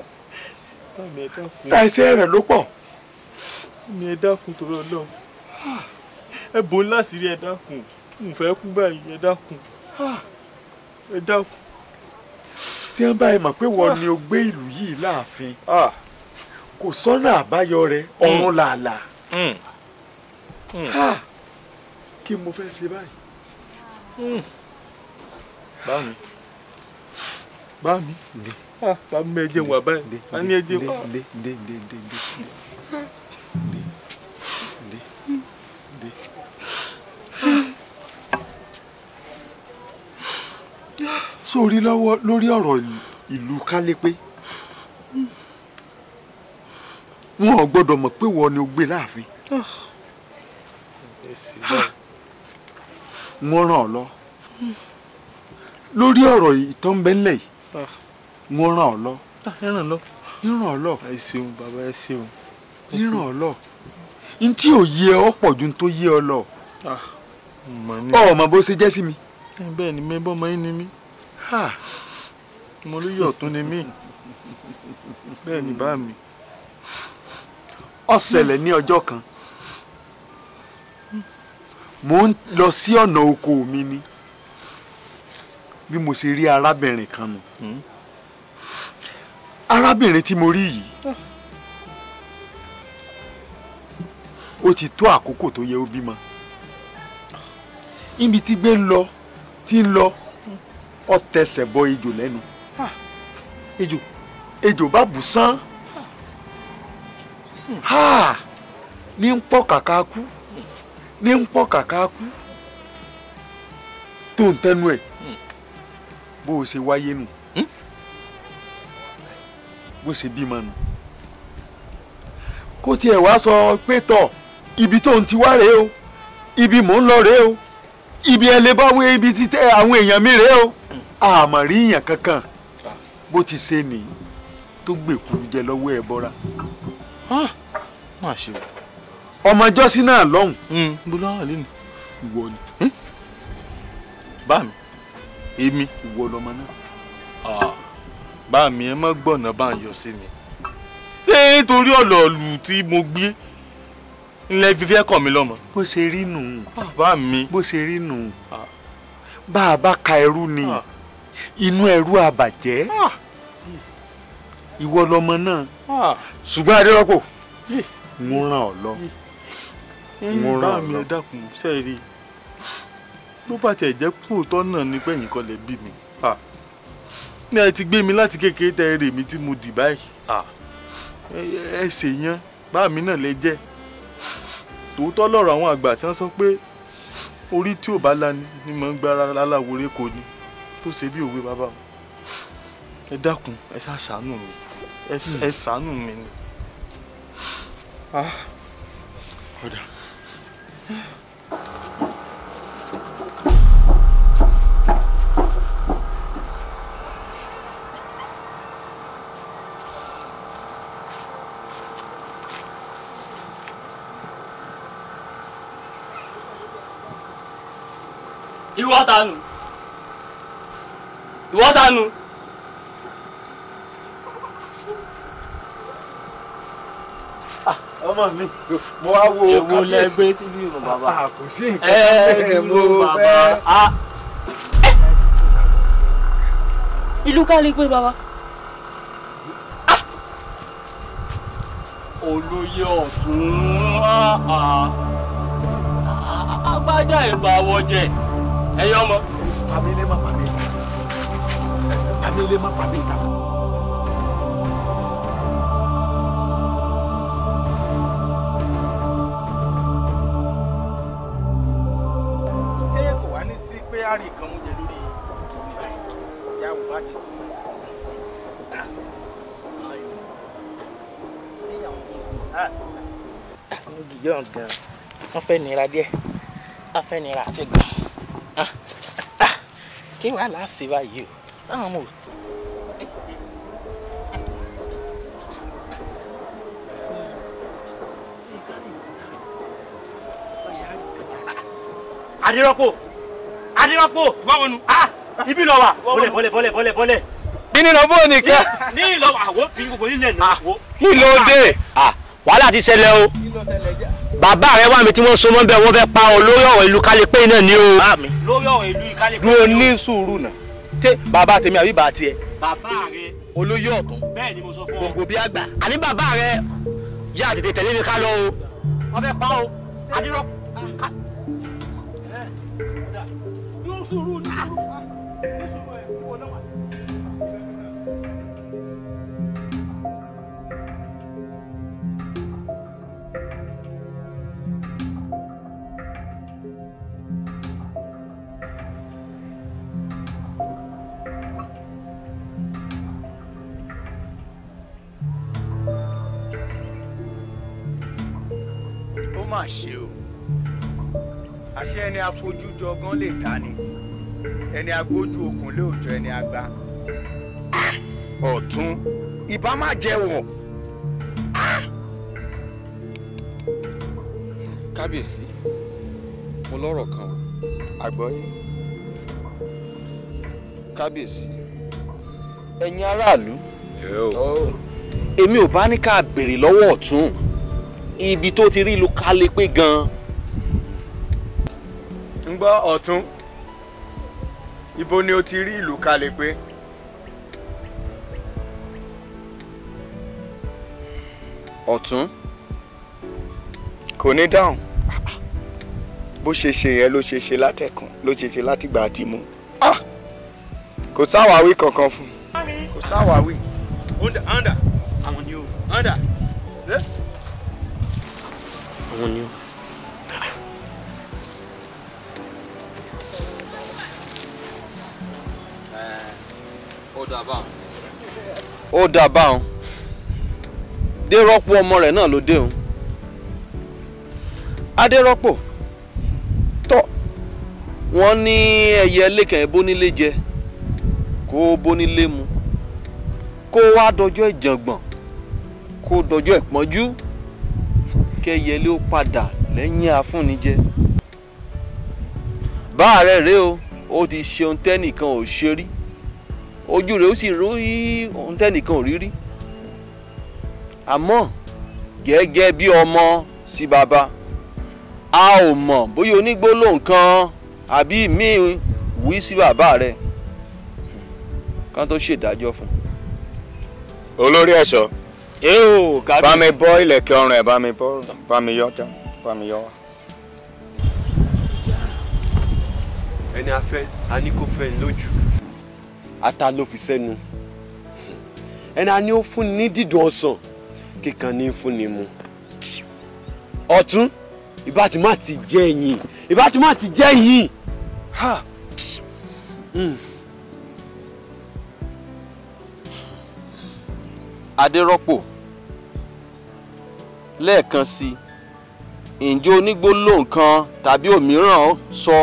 táìsẹ́ rẹ̀ ló pọ̀. mi ẹ dákun torí Ọlọ́run ẹ bò ń láṣìírí ẹ dákun n fẹ́ kú báyìí ẹ dákun ah, ẹ dákun. tí wọ́n bá yẹ mọ̀ pé wọ́n ah. ni o gbé ìlú yìí láàfin ah. kò sọ́nà àbáyọ rẹ hmm. ọ̀run làálàá hmm. hmm. kí mo fẹ́ ṣe báyìí. báwo bá mi bá mi ẹ jẹun wà báyìí a ní ẹ jẹun. sórí lọ́wọ́ lórí ọ̀rọ̀ ìlú kálépe wọn ò gbọ́dọ̀ mọ̀ pé wọ́n ni ó gbé láàfin wọ́n ràn ọ́ lọ lórí ọ̀rọ̀ ìtọ́nbẹ́lẹ̀ yìí wọ́n ràn ọ́ lọ. ìràn ah, lọ. ìràn ọ lọ. ẹ ṣeun bàbá ẹ ṣeun. ìràn ọ lọ. n tí ò yé ọ pọ̀ ju n tó yé ọ lọ. Ah, ọ mọ̀ bó ṣe jẹ́ sí mi. bẹ́ẹ̀ ni mẹ́bọ́ mọ́ yín ni mí mo ló yọ̀ tún ni mí bẹ́ẹ̀ ni bá mi ó ṣẹlẹ̀ ní ọjọ́ kan mo ń lọ sí ọ̀nà oko mi ni bí mo ṣe rí arábìnrin kan nù hmm? arábìnrin tí mo rí yìí ó ti tó àkókò tó yẹ ó bímọ ibi tí gbé ń lọ tí ń lọ ó tẹsẹ̀ bọ ejò lẹ́nu ejò ejò bá bù sán ní ń pọ̀ kàkà kú ní ń pọ̀ kàkà kú tó ń tẹnu ẹ̀ bó o ṣe wáyé nù hmm? bó ṣe bímọ nù kó tiẹ̀ wá sọ pé tọ̀ ibi tó ń ti wá rèé o ibi mò ń lọ rèé o ibi ẹ lè bá wé ibi tí àwọn èèyàn mi rèé o àmọ́ rí èèyàn kankan bó ti ṣe nìyí tó gbèkúrú jẹ lọ́wọ́ ẹ bọ́ra. ọmọ jọ́sí náà lọ́hùn. bùrọ̀ àlè ni ìwọ ni. Hmm? bá mi èmi ìwọ lọmọ náà. bá mi ẹ má gbọ̀nà bá ń yọ sí mi. ṣé nítorí ọ̀lọ̀ ọ̀lù tí mo gbé ńlẹ́ fi fẹ́ kàn mí lọ́mọ. bó ṣe rí nù. bàbá mi. bó ṣe rí nù. bá a bá ka ẹrú ni. Ah inú ẹrú àbàjẹ́ ah. ìwọ lọmọ náà ah. ṣùgbọ́n adérọ́pò mo ràn ọ́ lọ mo ràn ọ́ lọ. bá mi ẹ dákun sẹ́ẹ̀rì ló bá tiẹ̀ jẹ́ kóòtọ́ náà ní pẹ̀yìn kan lè bí mi ah. ní ẹ ti gbé mi láti kékeré tẹ ẹ rè mi tí mo dì báyìí ẹ ṣèyàn bá mi náà lè jẹ́ tòótọ́ lọ́rọ̀ àwọn àgbà tí wọ́n sọ pé orí tí ò bá lani ni mò ń gbára aláwòrán kò ní tó ṣe bí òwe bàbá o ẹ dákun ẹ ṣáà ṣàánú mi ẹ ṣàánú mi ni. Ah. ọ̀dà. ìwọ ìwọ tánu. Ah, ọmọ mi mo wá wo kábíyèsí. èwo lẹ gbé síbí mo bàbá. Ah, kò sí nǹkan bẹ́ẹ̀ mo fẹ́. Ah. ìlú ká lè gbé bàbá. olóyè ọ̀tún agbájá ìbáwọ̀ jẹ ẹ̀yọ́ ọmọ. àmì ni mo ní ilé má pàdé ìta. ṣé kò wá ní sí pé àárín kan mú jẹ lórí ìyá òbá tí. olùdíje ọ̀gá wọ́n fẹ́ nira díẹ̀ wọ́n fẹ́ nira àti gan ah, ah, ah. kí wàá láàṣì báyìí o sáwọn ọmọ òtò. adirọ́pò adirọ́pò. báwo nu. ibi lọ wa bọ́lẹ̀ bọ́lẹ̀ bọ́lẹ̀ bọ́lẹ̀ bọ́lẹ̀. kíni lọ bó ni kẹ. ní ìlọ àwọ fi gbogbo nílẹ̀ náà wò. kí ló dé wàhálà ti ṣẹlẹ̀ o bàbá rẹ wà mí tí wọ́n so mọ́ bẹ́ẹ̀ wọ́n fẹ́ pa ọ lórí ọ̀rọ̀ ìlú kálípẹ́ náà ni o. lórí ọ̀rọ̀ ìlú kálípẹ́. dúró ní sùúrù náà tẹ bàbá tèmi àbí bàbá tiẹ. bàbá rẹ. olóyè ọ̀tún. bẹ́ẹ̀ ni mo sọ fún ọ. gbogbo bí àgbà. àní bàbá rẹ yá tètè tẹ̀lé mi ká lọ o. wọ́n fẹ́ pa o. adúlọ́. ṣe o àṣé ẹni afojújọ gan lè dá ni ẹni agbójú okùn lè òjò ẹni àgbà. ọ̀tún ìbá má jẹ́wọ̀. kábíyèsí mo lọ́rọ̀ kan àgbọ́yé kábíyèsí ẹ̀yin aráàlú èmi ò bá ní ká béèrè lọ́wọ́ ọ̀tún ibi tó ti rí ló kálé pé gan-an. ń gbọ́ ọ̀tún ibo ni o ti rí ìlú kalẹ̀ pé. ọ̀tún. kò ní dáhùn bó ṣe ṣe yẹn ló ṣe ṣe látẹ̀kàn ló ṣe ṣe látìgbà àti mú. Ah! kò sáwàwí kankan fún un kò sáwàwí. ọ̀ndà ọ̀ndà àwọn ni o ọ̀ndà àwọn ni ó. ó dà báwọn dé rọ́pò ọmọ rẹ̀ náà ló dé òun adérọ́pò tọ́ wọ́n ní ẹyẹ lẹ́kàn ẹ̀ bónílé jẹ kó bónílé mu kó wá dọjọ́ ìjàngbọ̀n kó dọjọ́ ìpọ́njú. E Kẹ́yẹlé ó padà lẹ́yìn afúnijẹ. báàrẹ̀ rèé o ó ti ṣeun tẹ́nìkan ò ṣe rí ojú rẹ̀ ó sì rú ohun tẹ́nìkan ò rí rí àmọ́ gẹ́gẹ́ bí ọmọ sí baba a ò mọ̀ bóyá onígbólóhùn kan àbí míì wí sí bàbá rẹ̀ kán tó ṣèdájọ́ fún. olórí ẹ̀ṣọ́ bá mi bọ́ ìlẹ̀kẹ̀ ọrùn ẹ̀ bá mi bọ́ bá mi yọ já bá mi yọ wá. ẹni afẹ́ a ní kó fẹ́ lójú. ata ló fi sẹ́nu ẹni a ní ó fún ní dídùn ọsàn kíkan ní fún ni mu. ọ̀tún ìbá tí má ti jẹ́ yìí ìbá tí má ti jẹ́ yìí. Hmm. adérọ́pò lẹ́ẹ̀kan sí i ǹjẹ́ onígbólóhùn kan tàbí òmíràn sọ.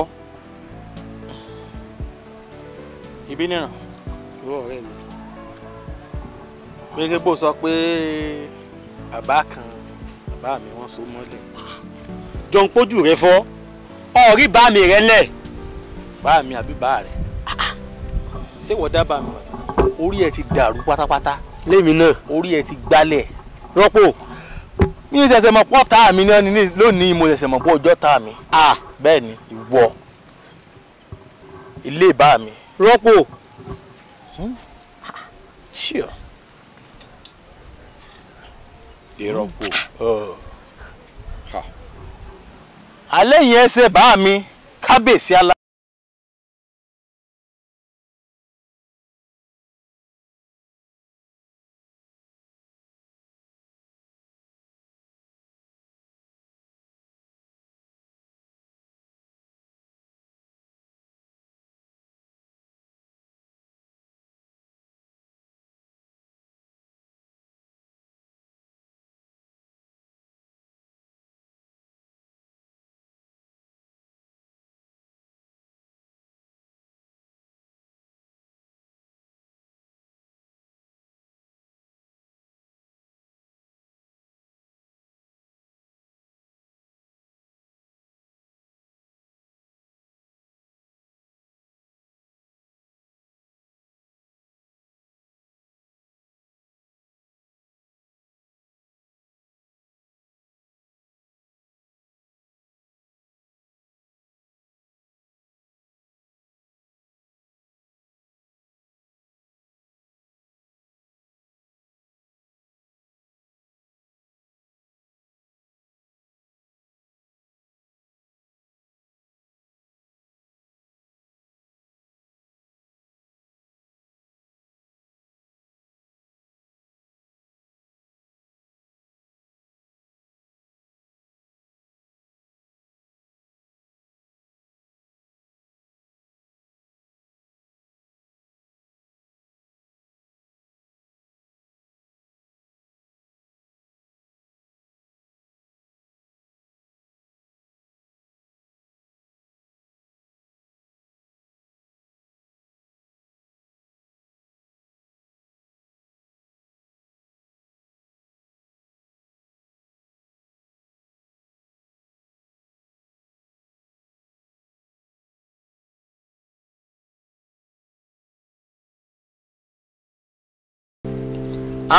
ibi nìran ìwọ ọ̀rẹ́ mi gbẹgbẹgbò sọ pé bàbá kan bàbá mi wọ́n so mọ́lẹ̀ jọ ń pójú rẹ fọ́ ọ̀rí bá mi rẹ lẹ̀ bá mi àbí bá rẹ ṣé wọ́n dá bá mi wọ̀ sí orí ẹ ti dàrú pátápátá lémi náà orí ẹ ti gbálẹ̀ rọ́pò mi ò ṣẹ̀ṣẹ̀ mọ̀ pọ̀ tá mi náà ni lónìí mo ṣẹ̀ṣẹ̀ mọ̀ pọ̀ ọjọ́ tá mi ah bẹ́ẹ̀ ni ìwọ ilé ìbá mi rọ́pò ṣíọ hmm? ìrọ̀pò oh. alẹ́ yẹn ṣe bá mi kábèsí alá.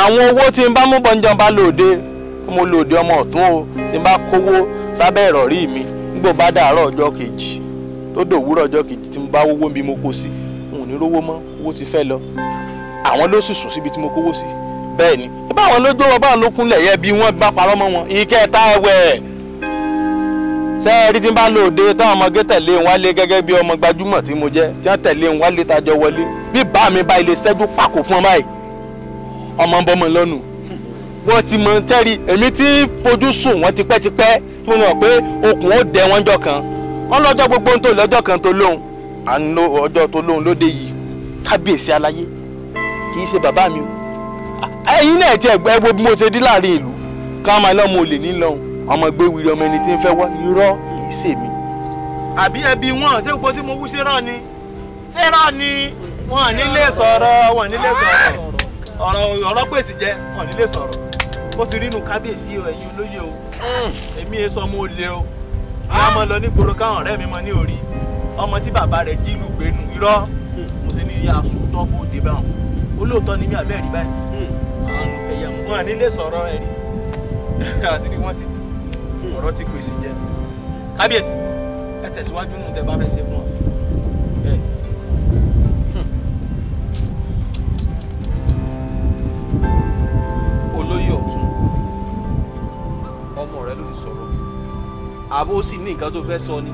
àwọn owó tí n bá mú bọ́njọ́ bá lòde mo lòde ọmọ ọ̀tún o tí n bá kówó sábẹ́ ìrọ̀rí mi nígbò bá dàárọ̀ ọjọ́ kejì tó dòwúrọ̀ ọjọ́ kejì tí mo bá wówó bí mo kó sí n ò ní rówó mọ́ owó ti fẹ́ lọ àwọn ló sì sùn síbi tí mo kówó sí bẹ́ẹ̀ ni bá àwọn ló dó wọn báwọn ló kúnlẹ̀ yẹ bí wọ́n bá parọ́ mọ́ wọn ìkẹta ẹ̀wẹ̀ sẹ́ẹ̀rí tí n bá lòde táwọn ọmọge tẹ̀lé ń wálé gẹ́gẹ́ bí ọmọ gbajúmọ̀ tí mo jẹ́ tí wọ́n tẹ̀lé ń wálé tajọ wọlé bí bá mi bá ilé ṣẹ́jú pàkó fún ọ báyìí ọmọ bọ́mọ lọ́nu wọ́n ti mọ̀ tẹ́rí èmi tí fojú sùn wọ́n ti pẹ́tipẹ́ tí mo mọ̀ pé okùn ó dẹ wọ́n jọ kan wọ́n lọ́jọ́ gbogbo tó lọ́jọ́ kan tó lóhùn àná ọjọ́ tó lóhùn lóde yìí kábíyèsí aláyé kì í ṣe bàbá mi o ẹ̀yin náà ti ẹgbẹ́ wo mo ṣe dí láàrin ìlú ká máa lọ́mọ olè nílọ́hùn ọmọ gbéwìrì ọmọ ẹni tí ń fẹ́ wá irọ́ kì í ṣe mi. àbí ẹbí wọn ṣé gbogbo tí mo wú ṣe rán ni ṣé rán ni wọn nílé sọ̀rọ̀ wọn nílé sọ̀rọ̀ ọ̀rọ̀ ọ̀rọ̀ pèsè jẹ wọn nílé sọ̀rọ̀ ó sì rínú kábíyèsí ẹ̀yin olóyè o mm. èmi yẹn e sọ mo lè o a ọmọ lọ nígboro káwọn ọ̀rẹ́ mi mọ ní orí ọmọ tí bàbá rẹ̀ jí ìlú gbénu irọ́ mo ti ní ìyá asòótọ́ kó dé báwọn olóòótọ́ ni mí àbẹ́ẹ̀rí báyìí ẹ̀yà wọn nílé sọ̀rọ̀ ẹ̀rí àṣírí wọn ti ọ̀rọ̀ ti pèsè jẹ kábíyèsí ẹ tẹ̀síwájú nù tẹ bá fẹ́ ṣe fún ọ. àbó sì ní nǹkan tó fẹ́ sọ ni.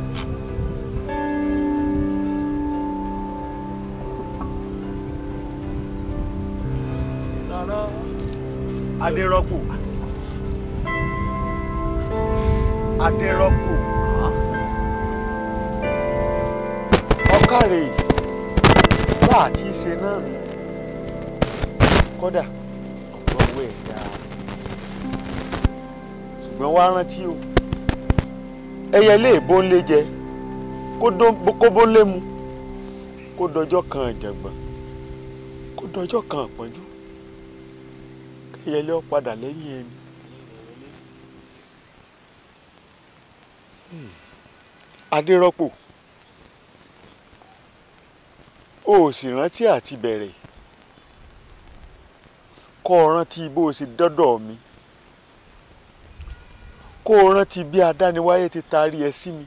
adérọ́pò adérọ́pò ọ̀kàrẹ̀ wà á ti ṣe náà nù kódà ọ̀gbọ́n owó ẹ̀ dáa ṣùgbọ́n wá rántí o ẹyẹ lè bó ń lé jẹ kó bó ń lé mu kó dọjọ́ kan àjàgbọ̀n kó dọjọ́ kan àpọ́njú kẹyẹlé ó padà lẹ́yìn ẹni. Hmm. adérọ́pò o ò sì rántí àti bẹ̀rẹ̀ kọ́ ọ rántí bó o ṣe dọ́dọ̀ mi kó o rántí bí adániwáyé ti taari ẹ sí mi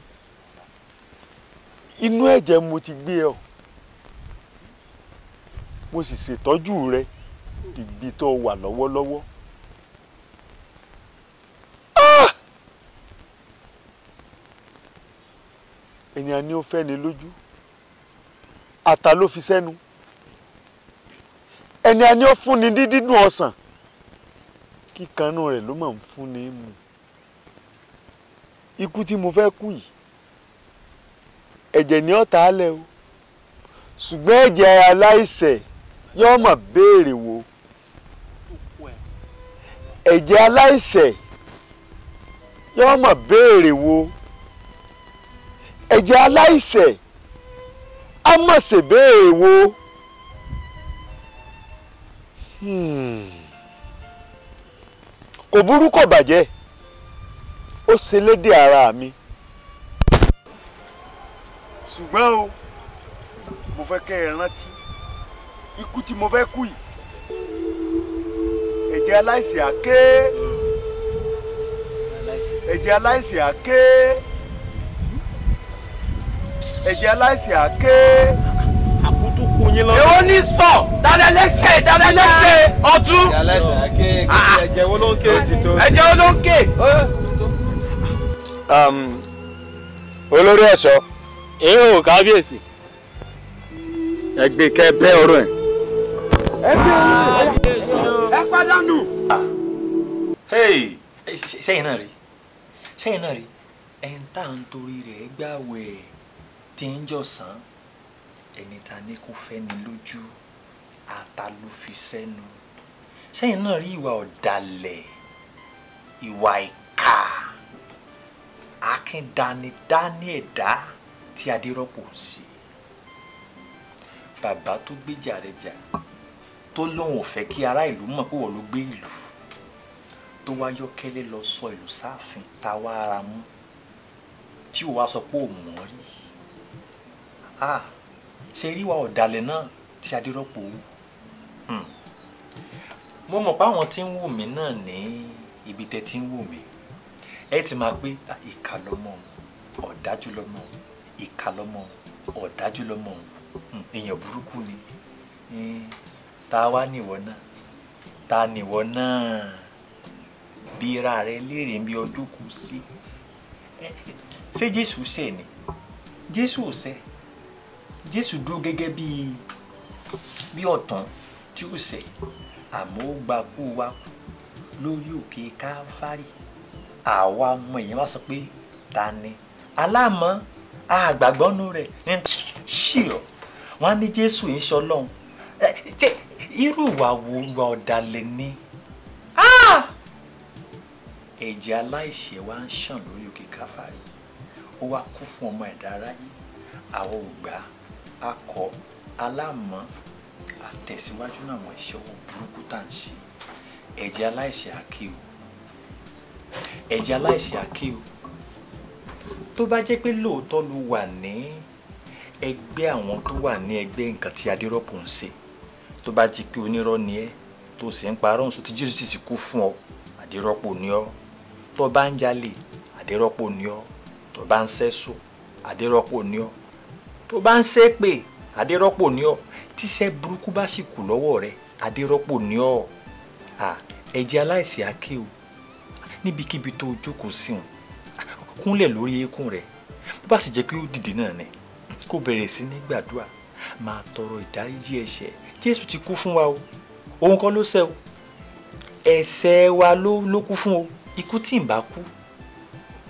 inú ẹ̀jẹ̀ mo ti gbé ọ mo sì ṣètọ́jú rẹ dìgbì tó wà lọ́wọ́lọ́wọ́. Ah! ènìyàn ni ó fẹ́ ni lójú àtà ló fi sẹ́nu ènìyàn ni ó fún ni dídídùn ọsàn kíkanú rẹ̀ ló máa ń fún mu ikú tí mo fẹ́ kú yìí ẹ̀jẹ̀ ni ọ̀tá alẹ́ o ṣùgbọ́n ẹ̀jẹ̀ aláìṣẹ̀ yóò mà béèrè wo ẹ̀jẹ̀ aláìṣẹ̀ yóò mà béèrè wo ẹ̀jẹ̀ aláìṣẹ̀ á mà ṣe béèrè wo. Hmm. kò burú kò bàjẹ́ ó ṣe lédè ara mi ṣùgbọ́n o mo fẹ́ kẹ́ ẹ rántí ikú tí mo fẹ́ kú yìí ẹ̀jẹ̀ aláìsí àké ẹ̀jẹ̀ aláìsí àké ẹ̀jẹ̀ aláìsí àké. àkútú kú yín lọ. èwo ní sọ ọtún. Ah, ah. ẹ̀jẹ̀ wo ló ń ké. ẹ̀jẹ̀ wo ló ń ké. Um, olórí ẹ̀ṣọ́. èèyàn ò kábíyèsí. ẹ gbé kẹ bẹ ọ̀rọ̀ ẹ. ẹ bí kábíyèsí ẹ pàdánù. sẹ́yìn náà rí sẹ́yìn náà rí ẹni tá à ń torí rẹ̀ gbàwẹ̀ tí ń jọ̀sán ẹni ta ni kò fẹ́ ni lójú ata ló fi sẹ́nu sẹ́yìn náà rí ìwà ọ̀dàlẹ̀ ìwà ìkà akíndanidání ẹ̀dá tí adérọ́pò ń ṣe bàbá tó gbéjà rẹ̀ jà tó lóun ò fẹ́ kí ará ìlú mọ̀ pé wọ́n ló gbé ìlú tó wá yọ́kẹ́lẹ́ lọ sọ ìlú sáàfin táwa ara mú tí ò wá sọ pé ò rí ṣe rí wa ọ̀dàlẹ̀ náà tí adérọ́pò wù hmm. mo mọ̀ pé àwọn tí ń wù mí náà ní ibi tẹ́ tí ń wù mí ẹ ti máa pé ah, ìkà lọ́mọ ọ̀dájú lọ́mọ ìkà lọ́mọ ọ̀dájú lọ́mọ hmm, èèyàn burúkú ni hmm, ta wá nìwọ náà ta nìwọ náà bí ra rẹ léèrè bí ọdún kù sí ṣé Jésù ṣe ni Jésù ṣe Jésù dúró gẹ́gẹ́ bíi bí ọ̀tàn tí ó ṣe àmọ́ ó gba kú wa lórí òkè káfárì. Okay, àwa ọmọ èèyàn wá sọ pé ta ni aláàmọ́ àgbàgbọ́nú rẹ̀ ń ṣìọ́ wọ́n á ní jésù ń ṣe ọlọ́run ṣe irú ìwà wo ìwà ọ̀dàlẹ̀ ni ẹ̀jẹ̀ aláìṣẹ̀ wa ń ṣàn lórí òkè káfárì ó wá kú fún ọmọ ẹ̀dá aráyé àwọn ògbà akọ aláàmọ́ àtẹ̀síwájú náà wọ́n ṣe owó burúkú tá à ń ṣe ẹ̀jẹ̀ aláìṣẹ̀ àkéwò ẹ̀jẹ̀ aláìṣẹ̀ àké o tó bá jẹ́ pé lóòótọ́ ló wà ní ẹgbẹ́ àwọn tó wà ní ẹgbẹ́ nǹkan tí adérọ́pò ń ṣe tó bá ti pé onírọ́ ni ẹ́ tó sì ń parọ́ nsọ tí jésù sì kú fún ọ adérọ́pò ni ọ́ tó bá ń jalè adérọ́pò ni ọ́ tó bá ń sẹ́sọ adérọ́pò ni ọ́ tó bá ń ṣépè adérọ́pò ni ọ́ tíṣẹ́ burúkú bá sì kù lọ́wọ́ rẹ adérọ́pò ni ọ́ ẹ̀jẹ̀ aláìsí àké o níbikíbi tó o jókòó sí òun kúnlẹ̀ lórí eékún rẹ̀ bó bá sì jẹ́ pé ó dìde náà ni kó bẹ̀rẹ̀ sí ní gbàdúrà máa tọrọ ìdáríjì ẹ̀ṣẹ̀ Jésù ti kú fún wa o òun kọ́ ló ṣẹ̀ o ẹ̀ṣẹ̀ wa ló ló kú fún o ikú tí ì bá kú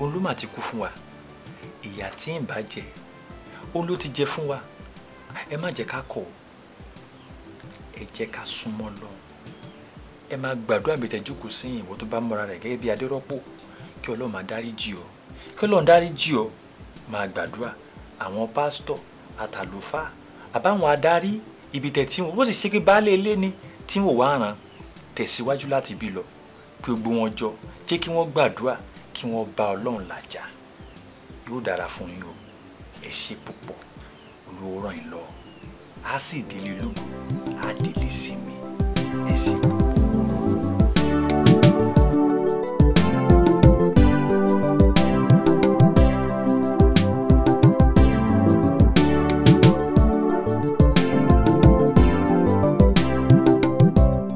òun ló mà ti kú fún wa ìyà tí ì bá jẹ òun ló ti jẹ fún wa ẹ má jẹ́ ká kọ̀ ẹ jẹ́ ká súnmọ́ lọ́hùn ẹ máa gbàdúrà bí tẹ̀jókòó sí ìwọ tó bá mọ́ra rẹ̀ gẹ́gẹ́ bí adérọ́pò kí ọlọ́run máa dáríjì ọ kí ọlọ́run dáríjì ọ máa gbàdúrà àwọn pásítọ̀ àtàlùfáà àbáwọn adarí ibi tẹ̀tí wọn sì ṣe pé baálé ilé ni tí wọn wá ràn tẹ̀síwájú láti bí lọ pé gbogbo wọn jọ jẹ́ kí wọ́n gbàdúrà kí wọ́n bá ọlọ́run làjà yóò dára fún yín o ẹ ṣe púpọ̀ olówó ràn yín lọ á sì délé lógo á délé sinmi ẹ ṣe púpọ̀.